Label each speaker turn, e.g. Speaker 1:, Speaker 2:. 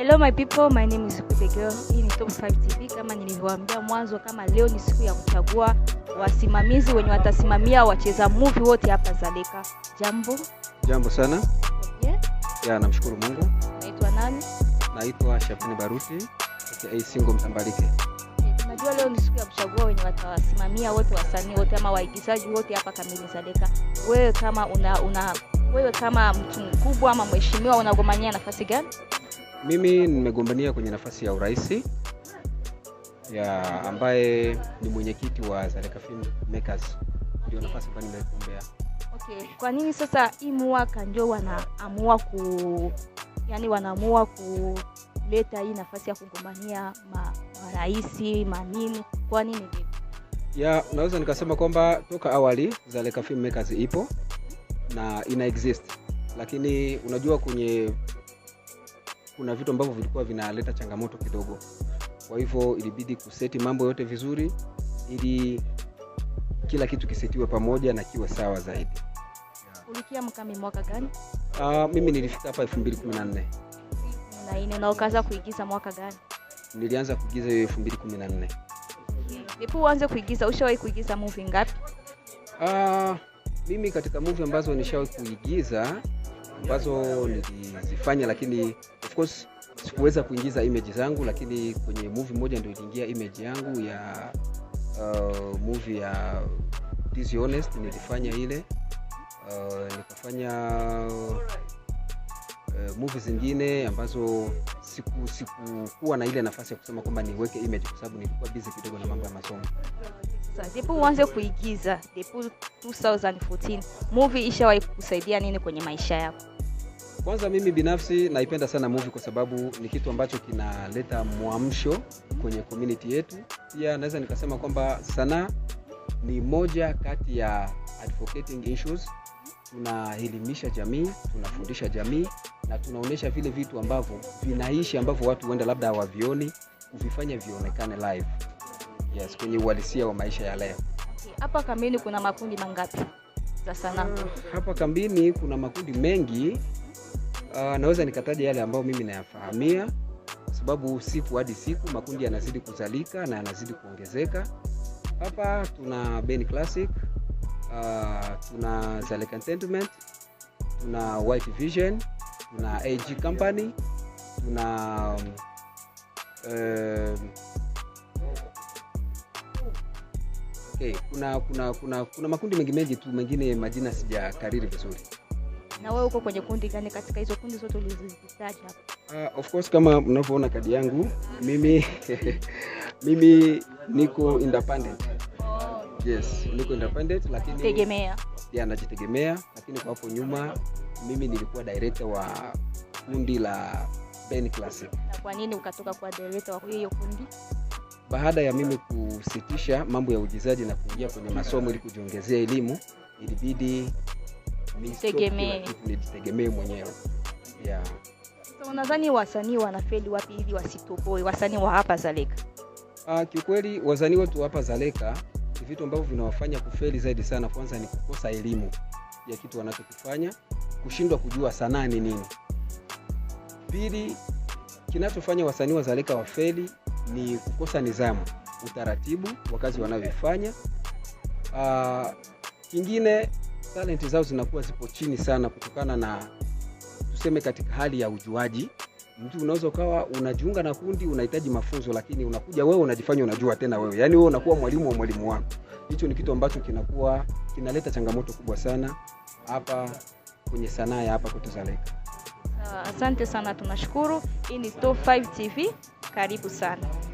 Speaker 1: Hello my people, my name is Kupe Girl. Hii ni Top 5 TV kama nilivyowaambia mwanzo, kama leo ni siku ya kuchagua wasimamizi wenye watasimamia wacheza movie wote hapa Zaleka. Jambo?
Speaker 2: Jambo sana. Yeah. Yeah, namshukuru Mungu.
Speaker 1: Naitwa nani?
Speaker 2: Naitwa Shabani Baruti, aka Single Mtambalike. Eh,
Speaker 1: unajua leo ni siku ya kuchagua wenye watawasimamia wote wasanii wote ama waigizaji wote hapa kamili Zaleka. Wewe kama una, una wewe kama mtu mkubwa ama mheshimiwa unagomania nafasi gani?
Speaker 2: Mimi nimegombania kwenye nafasi ya uraisi ya ambaye ni mwenyekiti wa Zareka Makers ndio nafasi ambayo nimegombea.
Speaker 1: Okay, kwa nini sasa hii ndio wanaamua ku yani wanaamua kuleta hii nafasi ya kugombania ma, maraisi manini? Kwa nini
Speaker 2: Ya, naweza nikasema kwamba toka awali Zareka Makers ipo na ina exist, lakini unajua kwenye kuna vitu ambavyo vilikuwa vinaleta changamoto kidogo kwa hivyo ilibidi kuseti mambo yote vizuri ili kila kitu kisetiwe pamoja na kiwe sawa zaidi
Speaker 1: ulikia mkami mwaka gani
Speaker 2: uh, mimi nilifika hapa 214
Speaker 1: na, na ukaanza kuigiza mwaka gani
Speaker 2: nilianza kuigiza hiyo 214
Speaker 1: nipo uanze kuigiza ushawahi kuigiza movie ngapi
Speaker 2: uh, mimi katika movie ambazo nishawahi kuigiza ambazo nilizifanya lakini of course sikuweza kuingiza image zangu, lakini kwenye movie moja ndio iliingia image yangu ya uh, movie ya honest nilifanya ile uh, nikafanya uh, movie zingine ambazo siku sikukuwa na ile nafasi ya kusema kwamba niweke image kwa sababu nilikuwa busy kidogo na mambo ya masomo.
Speaker 1: Sasa depo uanze kuigiza depo 2014 movie ishawahi kusaidia nini kwenye maisha yako?
Speaker 2: Kwanza mimi binafsi naipenda sana movie kwa sababu ni kitu ambacho kinaleta mwamsho kwenye community yetu. Pia naweza nikasema kwamba sanaa ni moja kati ya advocating issues. Tunaelimisha jamii, tunafundisha jamii na tunaonyesha vile vitu ambavyo vinaishi ambavyo watu huenda labda hawavioni, kuvifanya vionekane live, yes, kwenye uhalisia wa maisha ya leo.
Speaker 1: Hapa kambini kuna makundi mangapi za sanaa? Ah,
Speaker 2: hapa kambini kuna makundi mengi Uh, naweza nikataja yale ambayo mimi nayafahamia, kwa sababu siku hadi siku makundi yanazidi kuzalika na yanazidi kuongezeka. Hapa tuna Ben Classic, uh, tuna zale contentment tuna White Vision, tuna AG Company, tuna um, um, okay, kuna, kuna, kuna, kuna makundi mengi mengi tu mengine majina sija kariri vizuri.
Speaker 1: Na wewe uko kwenye kundi gani katika hizo kundi zote ulizozitaja
Speaker 2: hapa? Uh, of course kama mnavyoona kadi yangu mimi mimi niko independent. Oh. Yes, niko independent lakini tegemea. Yeah, najitegemea lakini kwa hapo nyuma mimi nilikuwa director wa kundi la Ben Classic.
Speaker 1: Na kwa nini ukatoka kwa director wa hiyo kundi?
Speaker 2: Baada ya mimi kusitisha mambo ya uigizaji na kuingia kwenye masomo ili kujiongezea elimu, ilibidi nijitegemee mwenyewe yeah.
Speaker 1: So, unadhani wasanii wanafeli wapi hivi wasitoboe, wasanii wa hapa Zaleka?
Speaker 2: Uh, kiukweli wasanii wetu hapa Zaleka vitu ambavyo vinawafanya kufeli zaidi sana, kwanza ni kukosa elimu ya kitu wanachokifanya, kushindwa kujua sanaa ni nini. Pili, kinachofanya wasanii wa Zaleka wafeli ni kukosa nidhamu, utaratibu wa kazi wanavyofanya. Uh, kingine talenti zao zinakuwa zipo chini sana, kutokana na tuseme, katika hali ya ujuaji. Mtu unaweza ukawa unajiunga na kundi, unahitaji mafunzo, lakini unakuja wewe unajifanya unajua tena wewe, yaani wewe unakuwa mwalimu wa mwalimu wako. Hicho ni kitu ambacho kinakuwa kinaleta changamoto kubwa sana hapa kwenye sanaa ya hapa kwetu ah,
Speaker 1: Asante sana, tunashukuru. Hii ni Top 5 TV, karibu sana.